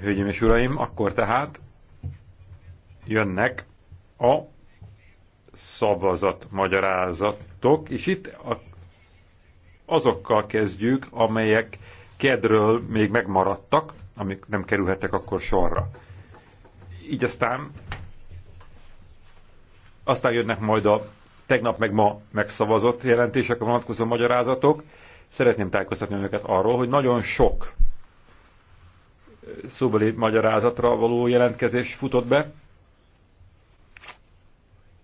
Hölgyeim és Uraim, akkor tehát jönnek a szavazat magyarázatok, és itt a, azokkal kezdjük, amelyek kedről még megmaradtak, amik nem kerülhetek akkor sorra. Így aztán aztán jönnek majd a tegnap meg ma megszavazott jelentések, a vonatkozó magyarázatok, Szeretném tájékoztatni önöket arról, hogy nagyon sok eh, szóbeli magyarázatra való jelentkezés futott be.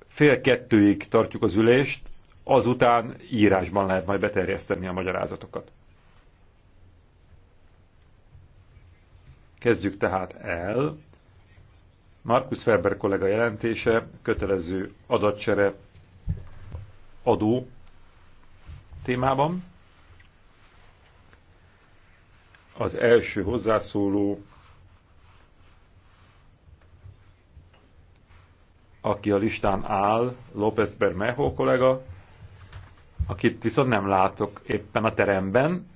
Fél kettőig tartjuk az ülést, azután írásban lehet majd beterjeszteni a magyarázatokat. Kezdjük tehát el. Markus Ferber kollega jelentése, kötelező adatcsere adó témában. Az első hozzászóló, aki a listán áll, López Bermejo kollega, akit viszont nem látok éppen a teremben.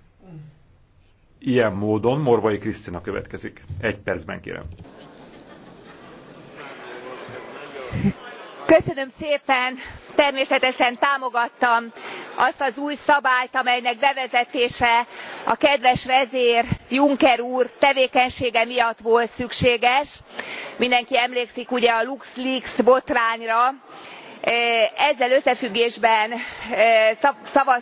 Ilyen módon Morvai Krisztina következik. Egy percben kérem. Köszönöm szépen! természetesen támogattam azt az új szabályt amelynek bevezetése a kedves vezér juncker úr tevékenysége miatt volt szükséges mindenki emlékszik ugye a luxleaks botrányra ezzel összefüggésben eh, szavaztunk